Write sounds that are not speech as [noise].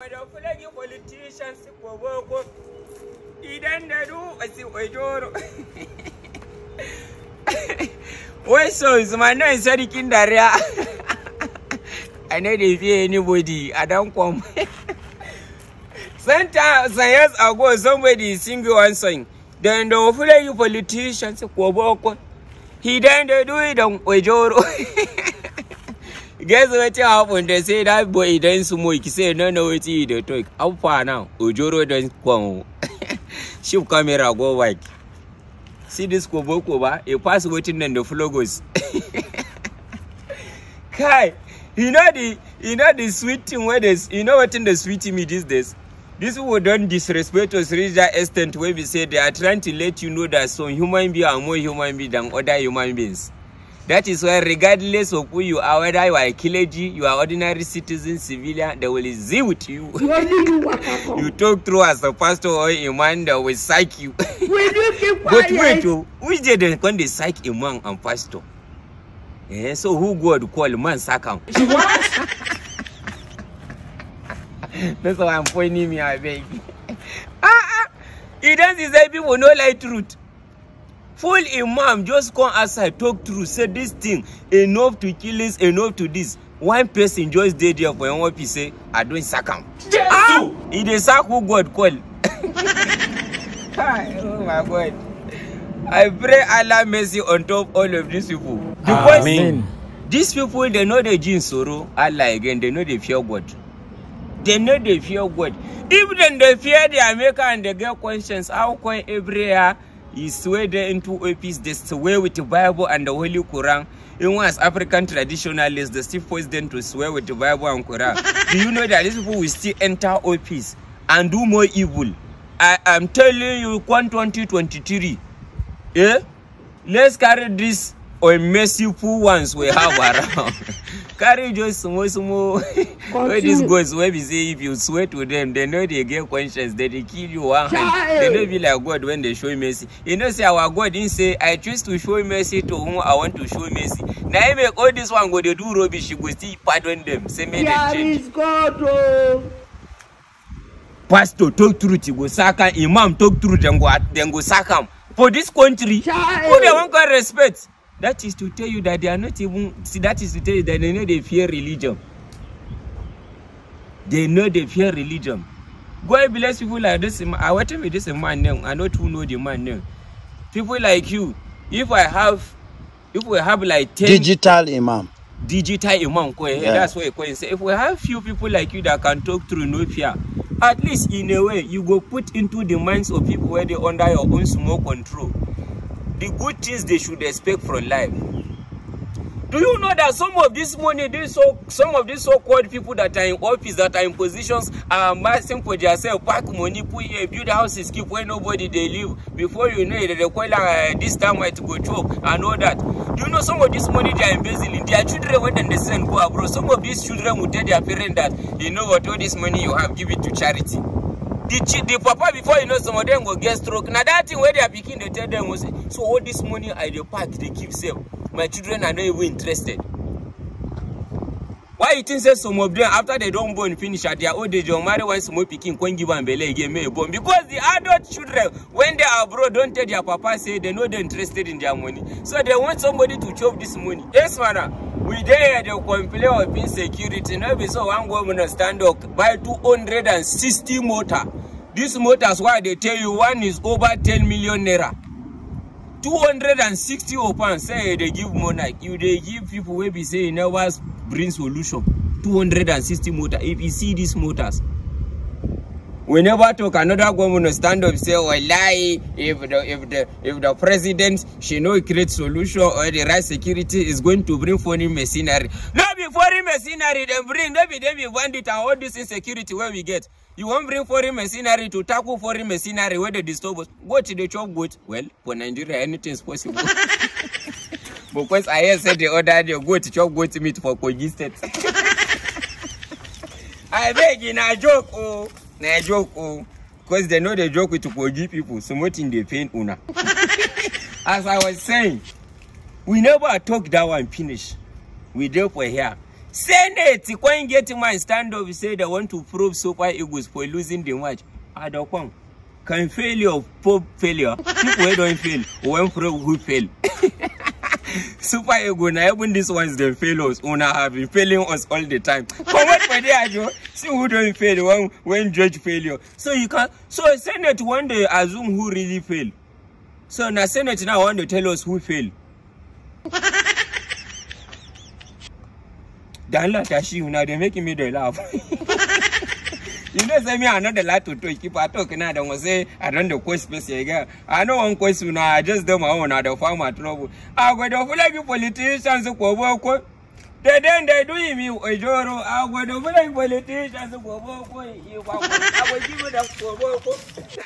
Wada fulagi politicians boboko idan da duba I [laughs] [laughs] no dey fear anybody, I don't come. [laughs] Sometimes I years ago somebody sing one song. Then the you politicians He then they do it on ojoro. guess wetin happen dem say dat boy don smoke say no know wetin he dey talk how far now ojoro don come [laughs] ship camera go back see dis kobo koba A pass wetin dem dey follow goes [laughs] kai you know the you know the sweet thing wey dey you know wetin dey sweet me these days dis people don disrespect us reach that extent wey be say they are trying to let you know that some human beings are more human beings than other human beings That is why regardless of who you are, whether you are a kileji, you are ordinary citizen, civilian, they will see with you. [laughs] you talk through as a pastor or imam, they will psych you. [laughs] but wait, oh, which day they can they psych imam and pastor? Yeah, so who God call man sakam? What? [laughs] That's why I'm pointing me, I baby. ah, ah. doesn't say people know light truth. full imam just come outside talk true say this thing enough to kill this enough to this. one person just dey there for im office say i don sack am ah e dey sack who god call [laughs] oh my god i pray allah mercy on top all of these people. because Amen. these people dem no dey gin soro allah again dem no dey fear god dem no dey fear god if dem dey fear their maker and dey get conscience how come every year He swayed into peace. the swear with the Bible and the Holy Quran. Even as African traditionalists, the still forced them to swear with the Bible and Quran. do you know that these people will still enter a peace and do more evil? I am telling you, 1 2023. Yeah, Let's carry this or merciful ones we have [laughs] around carry just small small wey these gods wey be say if you swear to them they know they get conscience they dey kill you one hand they know be like god when they show mercy you know say our god didn't say i choose to show mercy to whom i want to show mercy Now him make all this one go they do rubbish you go still pardon them say make dem change. there is god Oh. pastor talk truth you go sack am imam talk truth dem go dem go sack am for this country Child. who they want come respect. That is to tell you that they are not even, see, that is to tell you that they know they fear religion. They know they fear religion. God bless people like this. I wait with this man name. I know who know the man name. People like you. If I have, if we have like 10 digital imam, digital imam, yeah. that's what you say. If we have few people like you that can talk through no fear, at least in a way you go put into the minds of people where they under your own small control the good things they should expect from life. Do you know that some of this money, this so, some of these so-called people that are in office, that are in positions, are amassing for themselves, pack money, put here, build houses, keep where nobody they live. Before you know it, they call uh, this time might go choke and all that. Do you know some of this money they are embezzling? Their children when they send go abroad. Some of these children will tell their parents that, you know what, all this money you have, give it to charity the the papa before you know some of them go get stroke Now that thing where they are picking, they tell them, go oh, say so all this money i dey they keep sef my children are not even interested why you think say some of them after they don't born finish at their old age dem marry why some more picking? come give am belle again make e born because the adult children when they are abroad don't tell their papa say they know dey interested in their money so they want somebody to chop this money yes madam. there they complain of insecurity no be so one woman stand up buy 260 motor motor motors why they tell you one is over 10 million naira 260 open say they give money. you they give people will be saying never bring solution 260 motor if you see these motors whenever talk another governor stand up say or lie if the if the if the president she know create solution or the right security is going to bring foreign machinery no be foreign machinery Then bring no be dem be bandit and all this insecurity where we get you want bring foreign machinery to tackle foreign machinery where the disturb us go to the chop goat well for nigeria anything is possible [laughs] because i hear say the other day goat chop goat meat for kogi state [laughs] in a joke Oh na joke oh because they know they joke with kogi people so much in the pain una [laughs] as i was saying we never talk that one finish we dey for here senate kwan get my stand up say they want to prove super eagles for losing the match adokwan can failure probe failure people don't fail wen who fail Super ego now even this ones the fellows us una have been failing us all the time. Come on, for there Joe? See who don't fail when when judge failure. So you can so Senate one day assume who really fail. So now Senate now want to tell us who fail. [laughs] Dan la tashi una they making me they laugh. [laughs] You know, say me, I know the light to Keep I talk now. Then we say I don't the course space again. I know one question now. I just do my own. I don't find my trouble. I go to you politicians who go They then